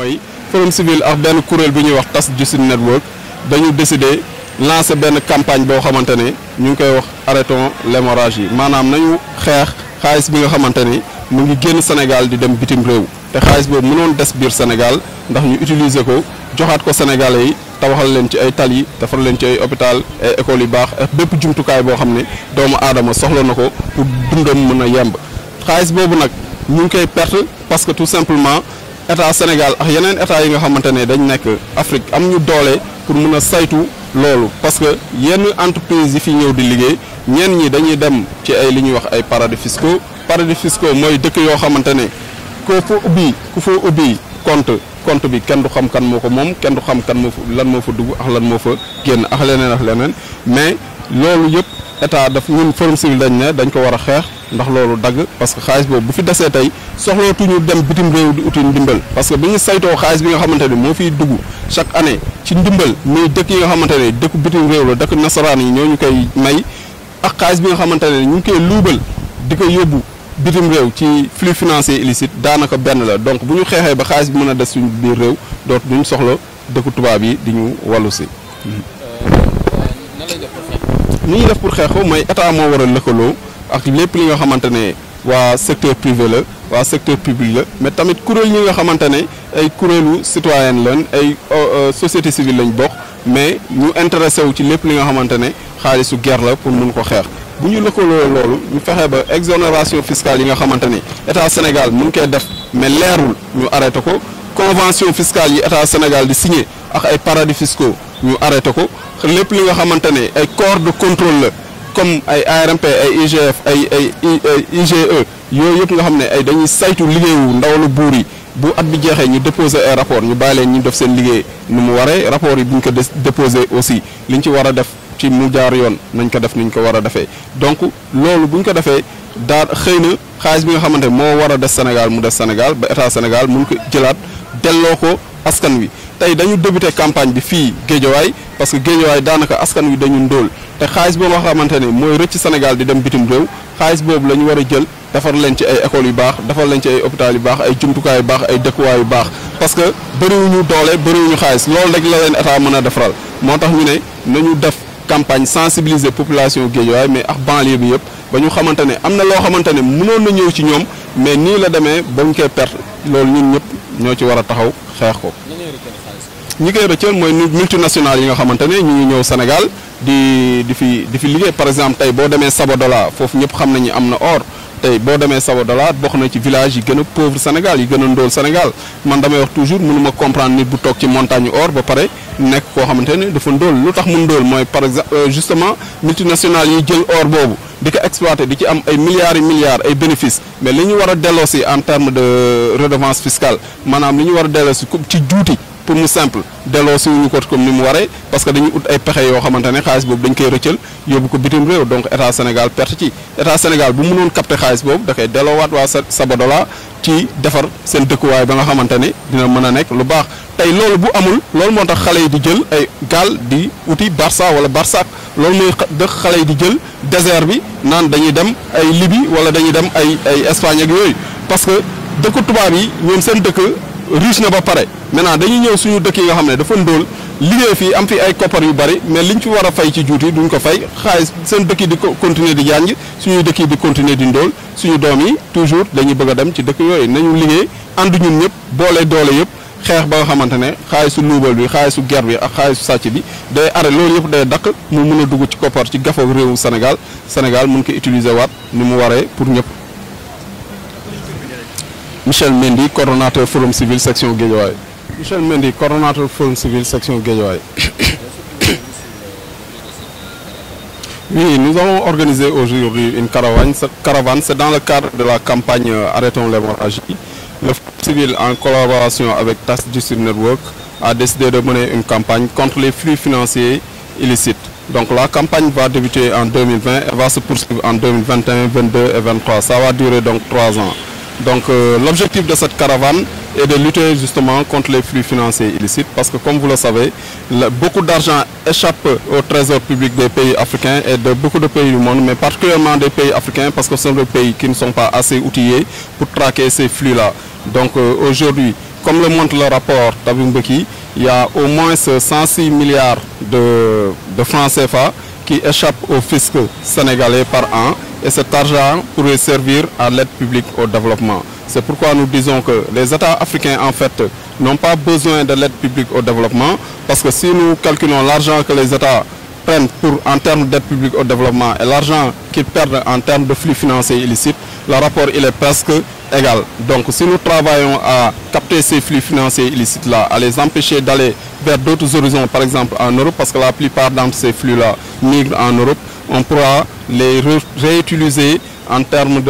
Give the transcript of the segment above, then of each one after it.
mooy forum civil ak ben kuréel bi ñuy wax tas justice network dañu décider lancer ben campagne bo xamantene ñu ngi koy wax arrêtons l'hémorragie manam nañu xex xaalis bi nga xamantene mu ngi génn Sénégal di dem bitim réew te xaalis bobu mënon dess biir Sénégal ndax ñu utiliser ko joxat ko Sénégalais yi tabaxal leen ci ay tal tali defar leen ci ay hôpital ay école yu baax ak bépp jumtukaay boo xam ne doomu aadama soxla na ko pour dundam mën a yemb xaalis boobu nag ñu ngi koy perte parce que tout simplement état Sénégal ak yeneen état yi nga xamante ne dañ nekk Afrique am ñu doole pour mun a saytu loolu parce que yenn entreprise yi fi ñëw di liggéey ñenn ñi dañuy dem ci ay li ñuy wax ay paradis fiscaux paradis fiscaux mooy dëkk yoo xamante ne ko fa ubbi ku fa ubbi compte compte bi kenn du xam kan moo ko moom kenn du xam kan moo fa lan moo fa dugg ak lan moo fa génn ak leneen ak leneen mais loolu yëpp état daf mun forum si dañ ne dañ ko war a xeex ndax loolu dagg parce que xaalis boobu bu fi desee tey ñu dem bitim réew di uti ndimbal parce que bi ñu saytoo xaalis bi nga xamante ne moo fiy dugg chaque année ci ndimbal muy dëkk yi nga xamante ne dëkk bitim réew la dëkk nasaraan yi ñoo ñu koy may ak xaalis bi nga xamante ne ñu ngi koy luubal di ko yóbbu bitim réew ci flux financier illicite daanaka benn la donc bu ñu xeexee ba xaalis bi mën a des suñu biir réew dootu duñ soxla dëkku tubaab yi di ñu wàllu si mm-hmm. ni def pour xeex ko mooy état moo war a lëkkaloo ak lépp li nga xamante ne waa secteur privé la waa secteur public la mais tamit kuréel yi nga xamante ne ay kuréelu citoyenne lañ ay euh, euh, société civile lañ bokk mais ñu intéressé wu ci lépp li nga xamante ne xaalisu guerre la pour mun ko xeex. bu ñu lëkkaloo loolu ñu fexe ba exonération fiscale yi nga xamante ni état Sénégal mun koy def mais leerul ñu arrêté ko convention fiscale yi état Sénégal di signé ak ay paradis fiscaux. ñu arrêté ko lépp li nga xamante ne ay corps de contrôle la comme ay ARMP ay IGF ay ay IGE yooyu yëpp nga xam ne ay dañuy saytu liggéeyu ndawalu buur yi bu at bi jeexee ñu déposé ay rapport ñu bàyyi leen ñu def seen liggéey nu mu waree rapport yi bu ñu ko déposé aussi li ñu ci war a def ci mu jaar yoon nañ ko def ni ñu ko war a defee donc loolu bu ñu ko defee daar xëy na xaalis bi nga xamante moo war a des Sénégal mu def Sénégal ba état Sénégal mun ko jëlaat delloo ko. askan wi tey dañu débuté campagne bi fii géejawaay parce que géejawaay daanaka askan wi dañu ndóol te xaalis boo nga xamante ne mooy rëcc Sénégal di dem bitim réew xaalis boobu la ñu war a jël defar leen ci ay écoles yu baax defar leen ci ay hôpital yu baax ay jumtukaay yu baax ay dëkkuwaay yu baax parce que bëriwuñu doole bëriwuñu xaalis loolu rek la leen état mën a defaral moo tax ñu ne nañu def campagne sensibiliser population géejawaay mais ak banlieue bi yëpp ba ñu xamante ne am na loo xamante ne mënoon na ñëw ci ñoom mais nii la demee ba ñu koy perte ñoo ci war a taxaw xeex ko. ñi koy rëccal mooy multinational yi nga xamante ne ñu ngi ñëw Sénégal di di fi di fi liggéey par exemple tey boo demee Sabodola foofu ñëpp xam nañu am na or. tey boo demee Sabodola bokk na ci village yi gën a pauvre Sénégal yi gën a ndóol Sénégal man damay wax toujours mënuma comprendre nit bu toog ci montagne or ba pare. nekk koo xamante ne dafa ndóol lu tax mu ndóol mooy par exemple euh, justement multinationales yi jël or boobu di ko exploité di ci am ay milliards yi milliards ay bénéfices mais li ñu war a delloosi en terme de euh, redevance fiscale maanaam li ñu war a delloosi ci juuti. pour mu simple delloo si ko comme ni mu waree parce que dañu ut ay pexe yoo xamante ne xaalis boobu dañ koy rëccal yóbbu ko bitim réew donc état Sénégal perte ci état Sénégal bu mënoon capter xaalis boobu da koy delloowaat waa Sabadola ci defar seen dëkkuwaay ba nga xamante ne dina mën a nekk lu baax tey loolu bu amul loolu moo tax xale yi di jël ay gaal di uti Barça wala Barsak loolu mooy dëkk xale yi di jël désert bi naan dañuy dem ay Libye wala dañuy dem ay ay Espagne ak parce que dëkku tubaab yi ñoom seen dëkk. riche na ba pare maintenant dañuy ñëw suñu dëkk yi nga xam ne dafa ndóol liggéey fii am fi ay koppar yu bari mais ñu fi war a fay ci juuti duñ ko fay xaalis seen dëkki yi di continuer di jàng suñuy dëkk yi di continuer di ndóol suñu doom yi toujours dañuy bëgg dem ci dëkk yooyu nañu liggéey ànd ñun ñëpp boole doole yëpp xeex ba nga xamante ne xaalisu luubal bi xaalisu ger bi ak xaalisu sàcc bi day are loolu yëpp day dakk mu mun a dugg ci koppar ci gafa réewu Sénégal Sénégal mun ko utiliser waat ni mu waree pour ñëpp Michel Mendy coordonnateur forum civil section Guédiawaye Michel Mendy coordonnateur forum civil section Guédiawaye Oui, nous avons organisé aujourd'hui une caravane. Cette caravane, c'est dans le cadre de la campagne Arrêtons l'hémorragie. Le Forum civil, en collaboration avec TAS District Network, a décidé de mener une campagne contre les flux financiers illicites. Donc la campagne va débuter en 2020, et va se poursuivre en 2021, 2022 et 2023. Ça va durer donc trois ans. Donc euh, l'objectif de cette caravane est de lutter justement contre les flux financiers illicites parce que comme vous le savez, beaucoup d'argent échappe au trésor public des pays africains et de beaucoup de pays du monde, mais particulièrement des pays africains parce que ce sont des pays qui ne sont pas assez outillés pour traquer ces flux-là. Donc euh, aujourd'hui, comme le montre le rapport Mbeki, il y a au moins 106 milliards de francs CFA qui échappent au fisc sénégalais par an et cet argent pourrait servir à l'aide publique au développement. C'est pourquoi nous disons que les États africains, en fait, n'ont pas besoin de l'aide publique au développement parce que si nous calculons l'argent que les États prennent pour, en termes d'aide publique au développement et l'argent qu'ils perdent en termes de flux financiers illicites, le rapport il est presque Égal. Donc si nous travaillons à capter ces flux financiers illicites-là, à les empêcher d'aller vers d'autres horizons, par exemple en Europe, parce que la plupart d'entre ces flux-là migrent en Europe, on pourra les réutiliser en termes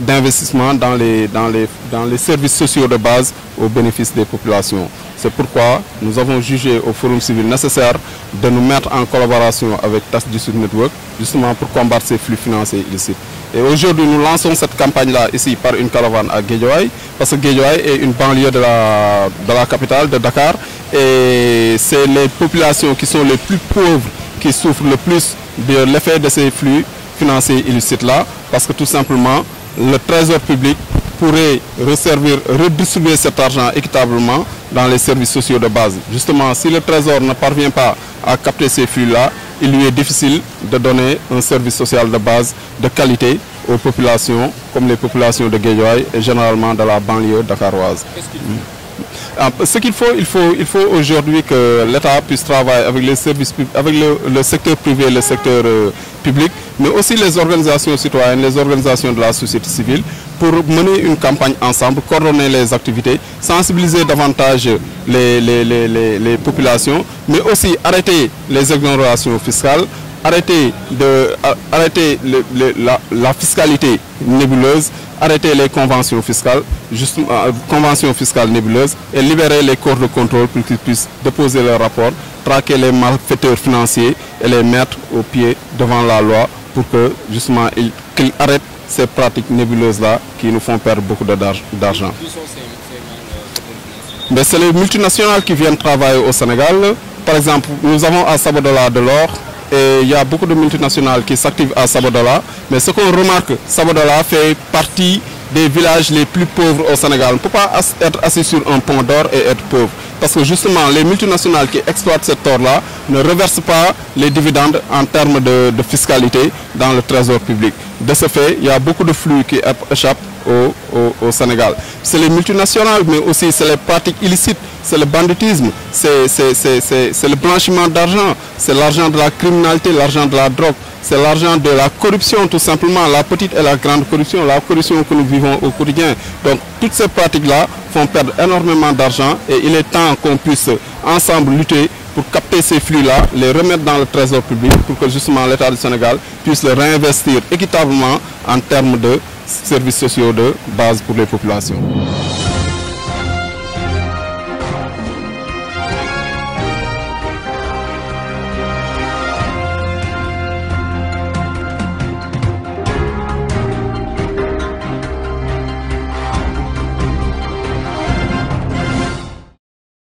d'investissement de, dans, les, dans, dans les services sociaux de base au bénéfice des populations. C'est pourquoi nous avons jugé au Forum civil nécessaire de nous mettre en collaboration avec TAS du Network, justement pour combattre ces flux financiers illicites. Et aujourd'hui, nous lançons cette campagne-là ici par une caravane à Guédiouaï, parce que Guédiouaï est une banlieue de la, capitale, de Dakar, et c'est les populations qui sont les plus pauvres qui souffrent le plus de l'effet de ces flux financiers illicites-là, parce que tout simplement, le trésor public pourrait resservir, redistribuer cet argent équitablement dans les services sociaux de base. Justement, si le trésor ne parvient pas à capter ces flux-là, il lui est difficile de donner un service social de base de qualité aux populations, comme les populations de Guédiawaye et généralement de la banlieue dakaroise. Mm. Ah, ce qu'il faut, il faut, il faut aujourd'hui que l'État puisse travailler avec, les services, avec le, secteur privé et le secteur euh, public mais aussi les organisations citoyennes, les organisations de la société civile, pour mener une campagne ensemble, coordonner les activités, sensibiliser davantage les, populations, mais aussi arrêter les exonérations fiscales, arrêter, de, euh, arrêter la, fiscalité nébuleuse, arrêter les euh, conventions fiscales, nébuleuses et libérer les corps de contrôle pour qu'ils puissent déposer leurs rapports, traquer les malfaiteurs financiers et les mettre au pied devant la loi pour que justement ils, qu'ils arrêtent ces pratiques nébuleuses-là qui nous font perdre beaucoup d'argent. Mais c'est les multinationales qui viennent travailler au Sénégal. Par exemple, nous avons à Sabodola de l'or il y a beaucoup de multinationales qui s'activent à Sabodola. Mais ce qu'on remarque, Sabodola fait partie des villages les plus pauvres au Sénégal. On ne peut pas être assis sur un pont d'or et être pauvre. Parce que justement, les multinationales qui exploitent cet or-là ne reversent pas les dividendes en termes de fiscalité dans le trésor public. De ce fait, il y a beaucoup de flux qui échappent au, Sénégal. C'est les multinationales, mais aussi c'est les pratiques illicites, c'est le banditisme, c'est le blanchiment d'argent, c'est l'argent de la criminalité, l'argent de la drogue, c'est l'argent de la corruption tout simplement, la petite et la grande corruption, la corruption que nous vivons au quotidien. Donc toutes ces pratiques-là font perdre énormément d'argent et il est temps qu'on puisse ensemble lutter pour capter ces flux-là, les remettre dans le trésor public pour que justement l'État du Sénégal puisse les réinvestir équitablement en termes de services sociaux de base pour les populations.